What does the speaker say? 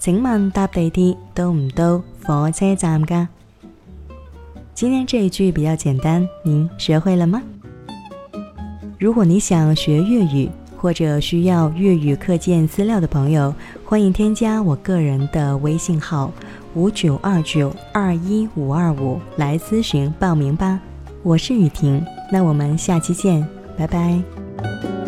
請問搭地鐵到唔到火車站噶？今天這一句比較簡單，您學會了嗎？如果你想學粵語或者需要粵語課件資料的朋友，歡迎添加我個人的微信號五九二九二一五二五來諮詢報名吧。我是宇婷，那我們下期見，拜拜。